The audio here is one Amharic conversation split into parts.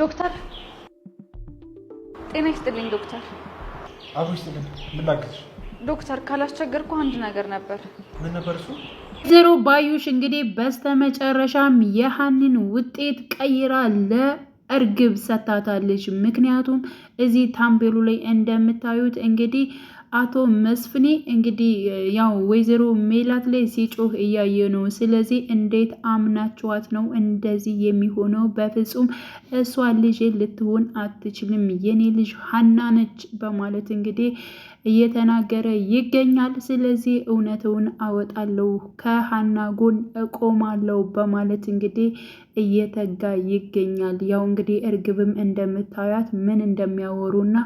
ዶክተር ጤና ይስጥልኝ ዶክተር። አብሮ ይስጥልኝ። ምን ላግዝሽ? ዶክተር ካላስቸገርኩ አንድ ነገር ነበር። ምን ነበር እሱ? ወይዘሮ ባዩሽ እንግዲህ በስተመጨረሻም የሀኒን ውጤት ቀይራ እርግብ ሰታታለች። ምክንያቱም እዚህ ታምቤሉ ላይ እንደምታዩት እንግዲህ አቶ መስፍኔ እንግዲህ ያው ወይዘሮ ሜላት ላይ ሲጮህ እያየ ነው። ስለዚህ እንዴት አምናችኋት ነው እንደዚህ የሚሆነው? በፍጹም እሷ ልጄ ልትሆን አትችልም፣ የኔ ልጅ ሀና ነች በማለት እንግዲህ እየተናገረ ይገኛል። ስለዚህ እውነትውን አወጣለሁ፣ ከሀና ጎን እቆማለሁ በማለት እንግዲህ እየተጋ ይገኛል። ያው እንግዲህ እርግብም እንደምታያት ምን እንደሚያወሩና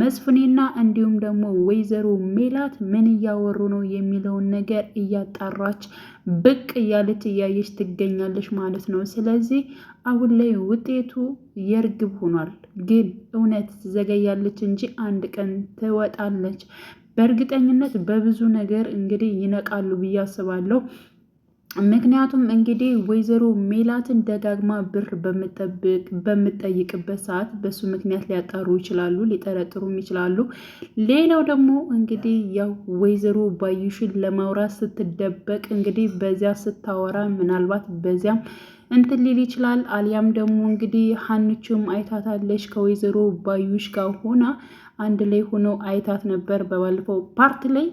መስፍኔና እንዲሁም ደግሞ ወይዘሮ ሜላት ምን እያወሩ ነው የሚለውን ነገር እያጣራች ብቅ እያለች እያየች ትገኛለች ማለት ነው። ስለዚህ አሁን ላይ ውጤቱ የእርግብ ሆኗል። ግን እውነት ትዘገያለች እንጂ አንድ ቀን ትወጣለች። በእርግጠኝነት በብዙ ነገር እንግዲህ ይነቃሉ ብዬ አስባለሁ። ምክንያቱም እንግዲህ ወይዘሮ ሜላትን ደጋግማ ብር በምጠይቅበት ሰዓት በሱ ምክንያት ሊያጣሩ ይችላሉ፣ ሊጠረጥሩም ይችላሉ። ሌላው ደግሞ እንግዲህ ያው ወይዘሮ ባዩሽን ለማውራት ስትደበቅ እንግዲህ በዚያ ስታወራ ምናልባት በዚያም እንትን ሊል ይችላል። አሊያም ደግሞ እንግዲህ ሀንቹም አይታታለች ከወይዘሮ ባዩሽ ጋር ሆና አንድ ላይ ሆኖ አይታት ነበር በባለፈው ፓርት ላይ።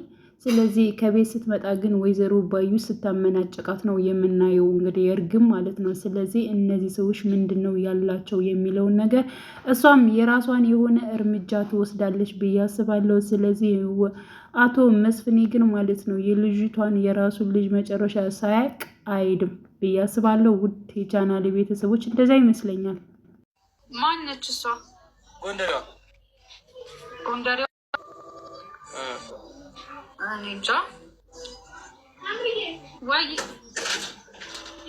ስለዚህ ከቤት ስትመጣ ግን ወይዘሮ ባዩ ስታመናጨቃት ነው የምናየው እንግዲህ እርግም ማለት ነው። ስለዚህ እነዚህ ሰዎች ምንድን ነው ያላቸው የሚለውን ነገር እሷም የራሷን የሆነ እርምጃ ትወስዳለች ብዬ አስባለሁ። ስለዚህ አቶ መስፍኔ ግን ማለት ነው የልጅቷን የራሱን ልጅ መጨረሻ ሳያቅ አይድም። ብዬ አስባለሁ። ውድ የቻናሌ ቤተሰቦች እንደዛ ይመስለኛል። ማን ነች እሷ? ጎንደሬዋ ጎንደሬዋ እኔ እንጃ ወይ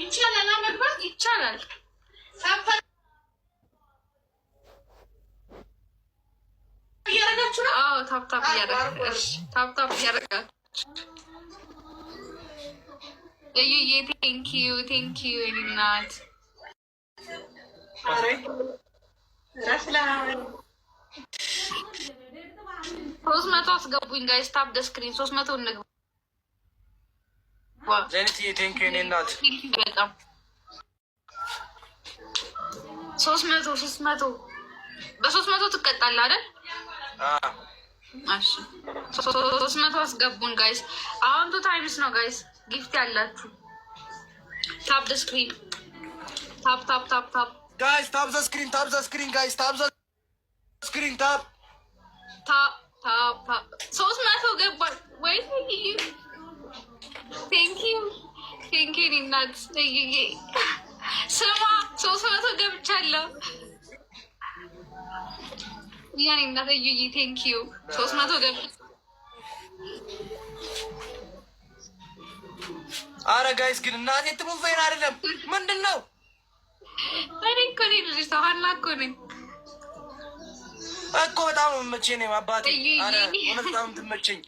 ይቻላል፣ አመግባት ይቻላል። ታፕታፕ እያደረጋችሁ እዩዬ ቴንኪዩ ቴንኪዩ thank you, መቶ አስገቡኝ ጋይስ ታፕ ደ ሶስት መቶ እንግባ። ዘኒትዬ ቴንኪዩ የእኔ እናት ሶስት መቶ በሶስት መቶ ትቀጣለህ አይደል? ሶስት መቶ አስገቡን ጋይስ። አሁን ቱ ታይምስ ነው ጋይስ ጊፍት ያላችሁ ታፕ ዘ ስክሪን ታፕ ታፕ ታፕ ታፕ ጋይስ ታፕ ዘ ስክሪን ታፕ ዘ ስክሪን ጋይስ ታፕ ዘ ስክሪን ታፕ ታፕ ታፕ ሶስት መቶ ገባል ወይ ቴንኪዩ ቴንኪዩ እናት ስማ ሶስት መቶ ገብቻለሁ እያኔ እናት እዩዬ ቴንኪዩ ሶስት መቶ ገብ አረ ጋይስ ግን እናቴ ትሙቬን አይደለም። ምንድን ነው? እኔ እኮ ነኝ ልጅ ተዋና እኮ ነኝ እኮ በጣም ነው የምመቸኝ ነው አባቴ። እውነት በጣም ትመቸኝ።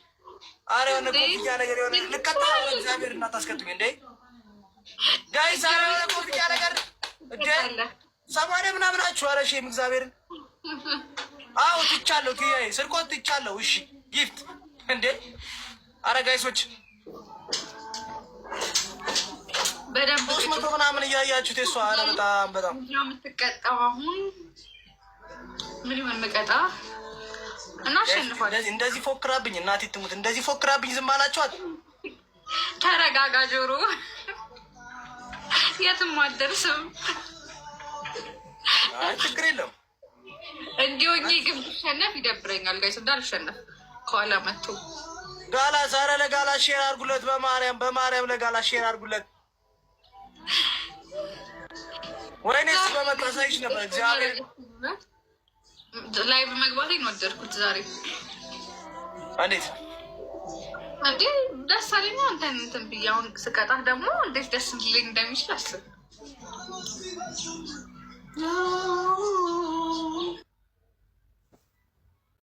አረ የሆነ ኮፍያ ነገር የሆነ ልቀጣ እግዚአብሔር እናታስከቱኝ እንዴ ጋይስ። አረ የሆነ ኮፍያ ነገር እንዴ ሰማንያ ምናምናችሁ። አረ ሼም እግዚአብሔርን አዎ ትቻለሁ። ትያዬ ስርቆት ትቻለሁ። እሺ ጊፍት እንዴ አረ ጋይሶች በደንብ ሶስት መቶ ምናምን እያያችሁት የሷ በጣም በጣም የምትቀጣው አሁን ምን ይሆን እና አሸንፏል። እንደዚህ ፎክራብኝ፣ እናቴ ትሙት፣ እንደዚህ ፎክራብኝ። ዝም አላችኋት። ተረጋጋ ጆሮ፣ የትም አደርስም። ችግር የለም። ግን ብሸነፍ ይደብረኛል። ጋይስ እንዳልሸነፍ ከኋላ መጥቶ ጋላ ዛሬ ለጋላ ሼር አርጉለት። በማርያም በማርያም ለጋላ ሼር አርጉለት። ወይኔ እሱ በመጣ ሳይሽ ነበር። እግዚአብሔር ላይቭ መግባቴን ወደድኩት ዛሬ። እንዴት እንዴ ደስ አለኝ። አንተን እንትን ብዬ አሁን ስቀጣህ ደግሞ እንዴት ደስ ሊለኝ እንደሚችል አስብ